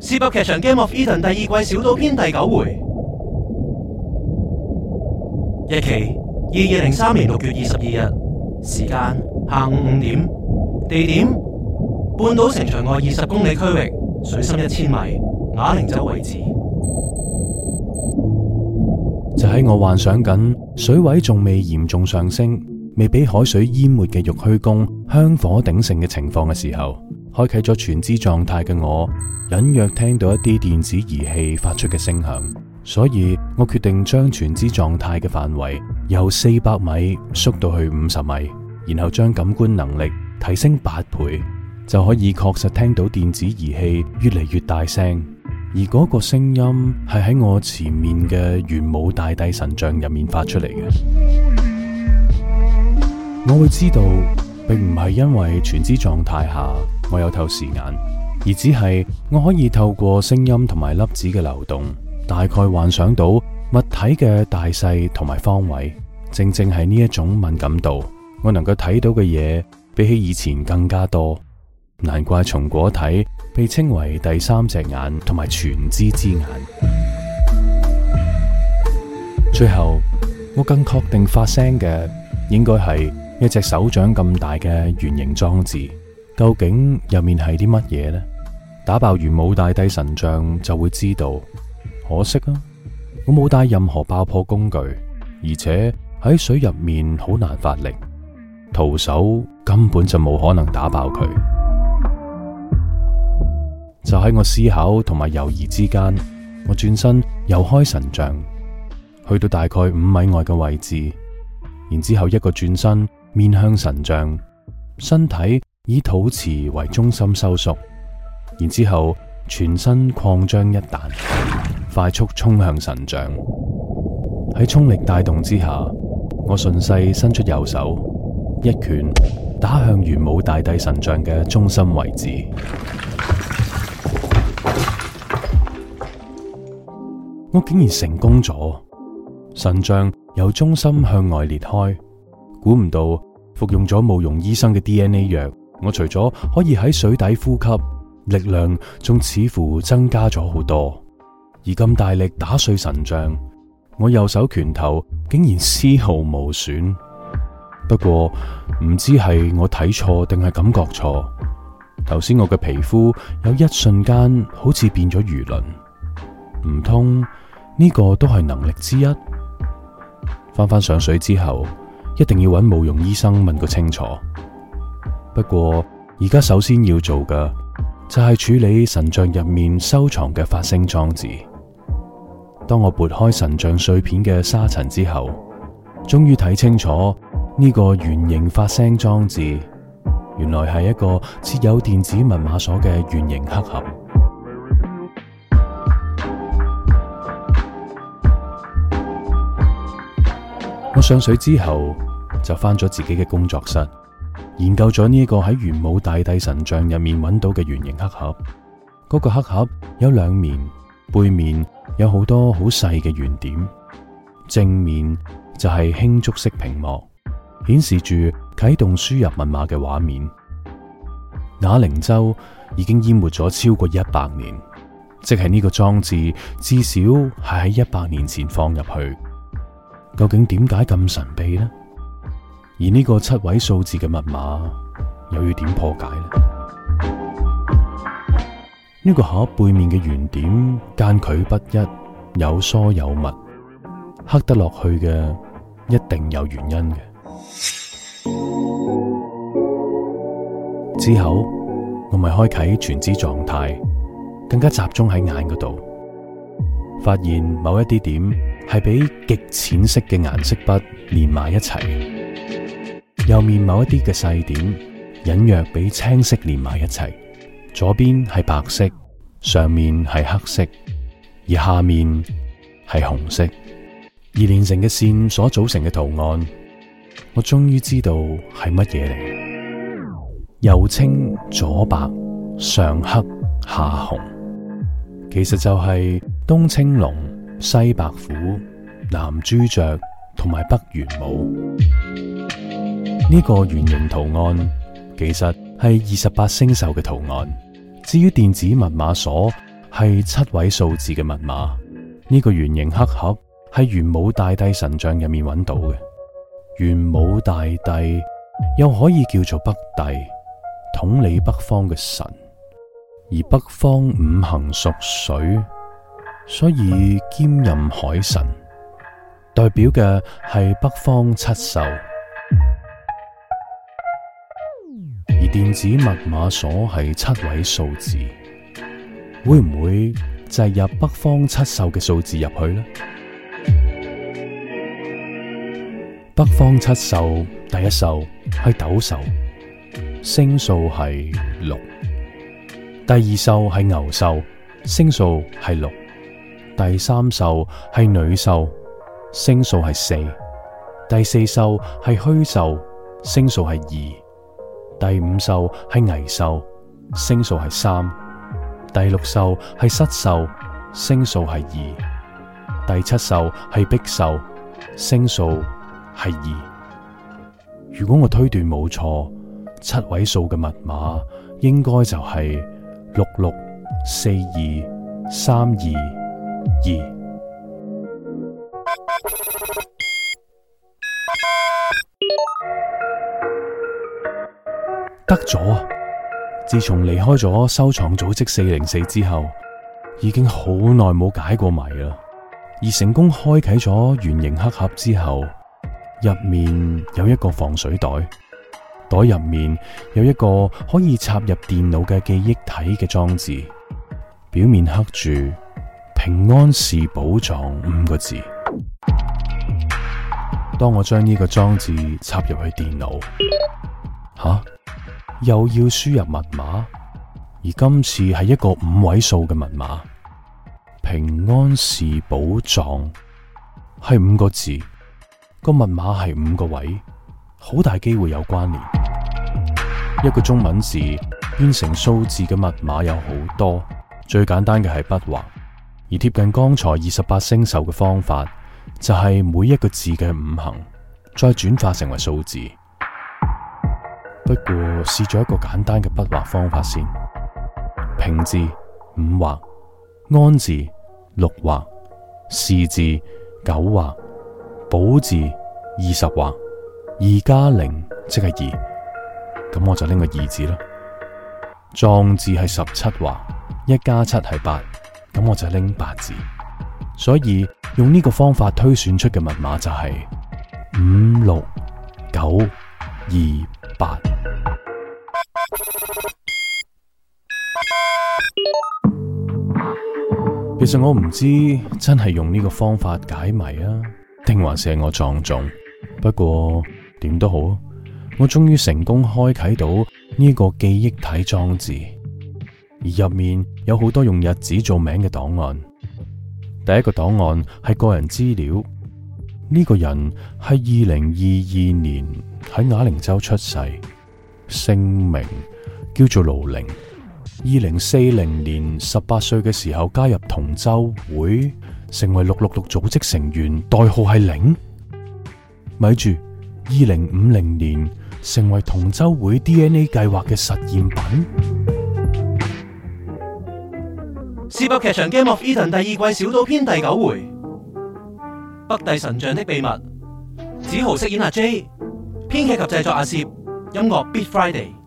《Zip 噏劇場 Game of Eden》第二季小島篇第九回，日期二二零三年六月二十二日，時間下午五點，地點半島城牆外二十公里區域，水深一千米，啞鈴洲位置。就喺我幻想緊水位仲未嚴重上升，未被海水淹沒嘅玉虛宮香火鼎盛嘅情況嘅時候。開啟咗全知狀態嘅我，隱約聽到一啲電子儀器發出嘅聲響，所以我決定將全知狀態嘅範圍由四百米縮到去五十米，然後將感官能力提升八倍，就可以確實聽到電子儀器越嚟越大聲，而嗰個聲音係喺我前面嘅玄武大帝神像入面發出嚟嘅。我會知道，並唔係因為全知狀態下，我有透視眼，而只係我可以透過聲音同埋粒子嘅流動，大概幻想到物體嘅大細同埋方位。正正係呢一種敏感度，我能夠睇到嘅嘢比起以前更加多。難怪松果體被稱為第三隻眼同埋全知之眼。最後，我更確定發聲嘅，應該係一隻手掌咁大嘅圓形裝置。究竟入面係啲乜嘢呢？打爆玄武大帝神像就會知道。可惜啊，我冇帶任何爆破工具，而且喺水入面好難發力，徒手根本就冇可能打爆佢。就喺我思考同埋猶豫之間，我轉身游開神像，去到大概五米外嘅位置，然之後一個轉身面向神像，身體。以肚臍為中心收縮，然之後全身擴張一彈，快速衝向神像。喺衝力帶動之下，我順勢伸出右手，一拳打向玄武大帝神像嘅中心位置。我竟然成功咗！神像由中心向外裂開。估唔到服用咗慕容醫生嘅 DNA 藥。我除咗可以喺水底呼吸，力量仲似乎增加咗好多，而咁大力打碎神像，我右手拳頭竟然絲毫無損。不過唔知係我睇錯定係感覺錯，頭先我嘅皮膚有一瞬間好似變咗魚鱗，唔通呢個都係能力之一？翻返上水之後，一定要揾慕容醫生問個清楚。不過而家首先要做嘅，就係處理神像入面收藏嘅發聲裝置。當我撥開神像碎片嘅沙塵之後，終於睇清楚呢個圓形發聲裝置，原來係一個設有電子密碼鎖嘅圓形黑盒。我上水之後，就返咗自己嘅工作室。研究咗呢一個喺玄武大帝神像入面揾到嘅圓形黑盒，嗰、那個黑盒有兩面，背面有好多好細嘅圓點，正面就係輕觸式屏幕，顯示住啟動輸入密碼嘅畫面。啞鈴洲已經淹沒咗超過一百年，即係呢個裝置至少係喺一百年前放入去。究竟點解咁神秘呢？而呢個七位數字嘅密碼又要點破解呢？呢、呢個盒背面嘅圓點間距不一，有疏有密，刻得落去嘅，一定有原因嘅。之後我咪開啟全知狀態，更加集中喺眼嗰度，發現某一啲點係俾極淺色嘅顏色筆連埋一齊。右面某一啲嘅細點，隱約俾青色連埋一齊；左邊係白色，上面係黑色，而下面係紅色。而連成嘅綫所組成嘅圖案，我終於知道係乜嘢嚟。右青左白，上黑下紅，其實就係東青龍、西白虎、南朱雀同埋北玄武。呢個圓形圖案，其實係二十八星宿嘅圖案。至於電子密碼鎖係七位數字嘅密碼。呢、這個圓形黑盒係玄武大帝神像入面搵到嘅。玄武大帝又可以叫做北帝，統理北方嘅神。而北方五行屬水，所以兼任海神，代表嘅係北方七宿。電子密碼鎖係七位數字，會唔會就係入北方七宿嘅數字入去呢？北方七宿第一宿係斗宿，星數係六；第二宿係牛宿，星數係六；第三宿係女宿，星數係四；第四宿係虛宿，星數係二。第五宿係危宿，星數係三；第六宿係室宿，星數係二；第七宿係壁宿，星數係二。如果我推斷冇錯，七位數嘅密碼應該就係六六四二三二二。得咗！自從離開咗收藏組織四零四之後，已經好耐冇解過謎啦。而成功開啟咗圓形黑盒之後，入面有一個防水袋，袋入面有一個可以插入電腦嘅記憶體嘅裝置，表面刻住“平安是寶藏”五個字。當我將呢個裝置插入去電腦，吓！又要輸入密碼，而今次係一個五位數嘅密碼。平安是寶藏，係五個字，個密碼係五個位，好大機會有關聯。一個中文字變成數字嘅密碼有好多，最簡單嘅係筆畫，而貼近剛才二十八星宿嘅方法就係每一個字嘅五行，再轉化成為數字。不過試咗一個簡單嘅筆畫方法先，先平字五畫，安字六畫，是字九畫，寶字二十畫，二加零即係二，咁我就拎個二字啦。藏字係十七畫，一加七係八，咁我就拎八字。所以用呢個方法推算出嘅密碼就係、是、五六九二八。其實我唔知真係用呢個方法解謎啊，定還是我撞中。不過點都好，我終於成功開啟到呢個記憶體裝置，而入面有好多用日子做名嘅檔案。第一個檔案係個人資料，呢、這個人係二零二二年喺啞鈴洲出世，姓名叫做盧零。二零四零年十八歲嘅時候加入同舟會，成為六六六組織成員，代號係零。咪住，二零五零年成為同舟會 DNA 計劃嘅實驗品。Zip 噏劇場《Game of Eden》第二季小島篇第九回，北帝神像的秘密。梓豪飾演阿、啊、J，編劇及製作阿、啊、攝音樂 Beat Friday。